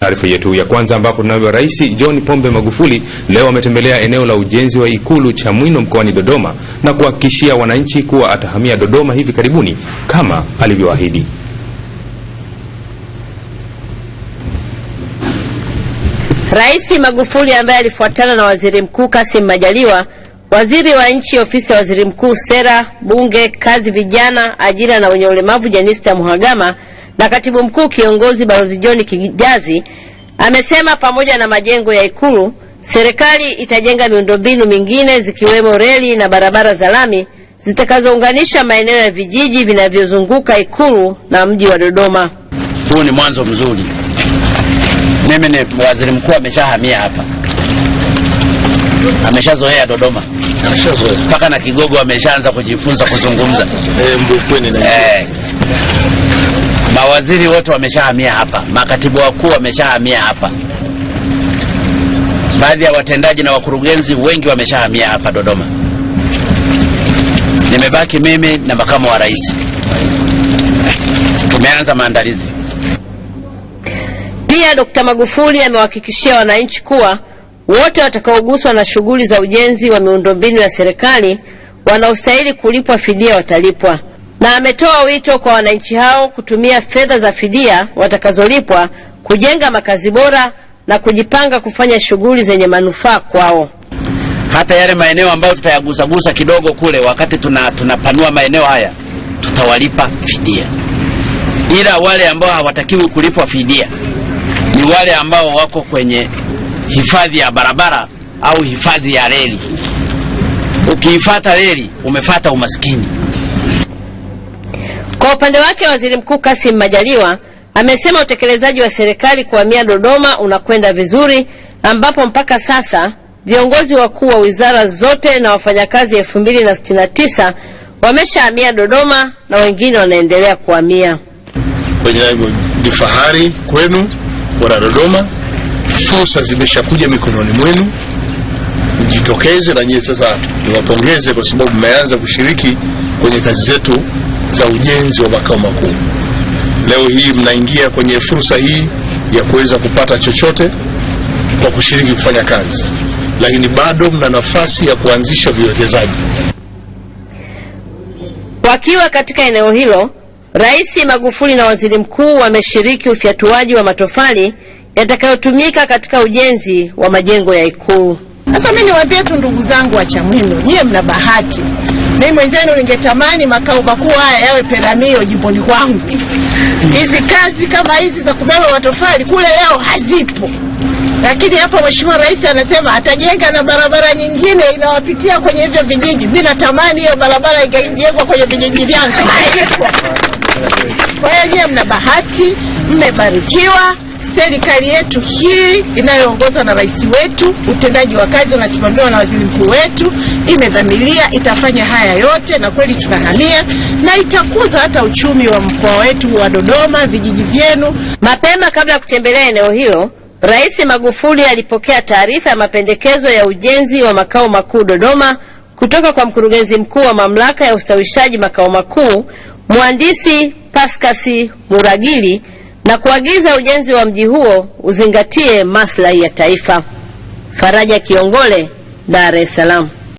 Taarifa yetu ya kwanza ambapo tunaambiwa Rais John Pombe Magufuli leo ametembelea eneo la ujenzi wa ikulu Chamwino mkoani Dodoma na kuhakikishia wananchi kuwa atahamia Dodoma hivi karibuni kama alivyoahidi. Rais Magufuli ambaye alifuatana na Waziri Mkuu Kassim Majaliwa, Waziri wa Nchi Ofisi ya Waziri Mkuu, Sera, Bunge, Kazi, Vijana, Ajira na Wenye Ulemavu Janista Mhagama na katibu mkuu kiongozi balozi John Kijazi amesema pamoja na majengo ya Ikulu, serikali itajenga miundombinu mingine zikiwemo reli na barabara za lami zitakazounganisha maeneo ya vijiji vinavyozunguka Ikulu na mji wa Dodoma. Huu ni mwanzo mzuri. Mimi ni waziri mkuu ameshahamia hapa, ameshazoea Dodoma mpaka na Kigogo ameshaanza kujifunza kuzungumza. E, mawaziri wote wameshahamia hapa, makatibu wakuu wameshahamia hapa, baadhi ya watendaji na wakurugenzi wengi wameshahamia hapa Dodoma. Nimebaki mimi na makamu wa rais. Tumeanza maandalizi. Pia Dr. Magufuli amewahakikishia wananchi kuwa wote watakaoguswa na shughuli za ujenzi wa miundombinu ya serikali wanaostahili kulipwa fidia watalipwa na ametoa wito kwa wananchi hao kutumia fedha za fidia watakazolipwa kujenga makazi bora na kujipanga kufanya shughuli zenye manufaa kwao. Hata yale maeneo ambayo tutayagusagusa kidogo kule, wakati tuna tunapanua maeneo haya, tutawalipa fidia, ila wale ambao hawatakiwi kulipwa fidia ni wale ambao wako kwenye hifadhi ya barabara au hifadhi ya reli. Ukiifata reli, umefata umaskini upande wake Waziri Mkuu Kassim Majaliwa amesema utekelezaji wa serikali kuhamia Dodoma unakwenda vizuri ambapo mpaka sasa viongozi wakuu wa wizara zote na wafanyakazi elfu mbili na sitini na tisa wameshahamia Dodoma na wengine wanaendelea kuhamia. Ni fahari kwenu wana Dodoma, fursa zimeshakuja mikononi mwenu, mjitokeze na nyie sasa niwapongeze kwa sababu mmeanza kushiriki kwenye kazi zetu za ujenzi wa makao makuu. Leo hii mnaingia kwenye fursa hii ya kuweza kupata chochote kwa kushiriki kufanya kazi, lakini bado mna nafasi ya kuanzisha viwekezaji. Wakiwa katika eneo hilo, Rais Magufuli na Waziri Mkuu wameshiriki ufyatuaji wa matofali yatakayotumika katika ujenzi wa majengo ya Ikulu. Sasa mimi niwaambie tu ndugu zangu wa Chamwino, nyie mna bahati. Mimi mwenzenu ningetamani makao makuu haya yawe Peramiho jimboni kwangu. Hizi kazi kama hizi za kubeba matofali kule leo hazipo, lakini hapa Mheshimiwa Rais anasema atajenga na barabara nyingine inawapitia kwenye hivyo vijiji. Mimi natamani hiyo barabara ingejengwa kwenye vijiji vyangu. Kwa hiyo nyewe mna bahati, mmebarikiwa serikali yetu hii inayoongozwa na rais wetu, utendaji wa kazi unasimamiwa na waziri mkuu wetu, imedhamiria itafanya haya yote, na kweli tunahamia na itakuza hata uchumi wa mkoa wetu wa Dodoma, vijiji vyenu. Mapema kabla ya kutembelea eneo hilo, Rais Magufuli alipokea taarifa ya mapendekezo ya ujenzi wa makao makuu Dodoma kutoka kwa mkurugenzi mkuu wa mamlaka ya ustawishaji makao makuu, mhandisi Paskasi Muragili na kuagiza ujenzi wa mji huo uzingatie maslahi ya taifa. Faraja Kiongole, Dar es Salaam.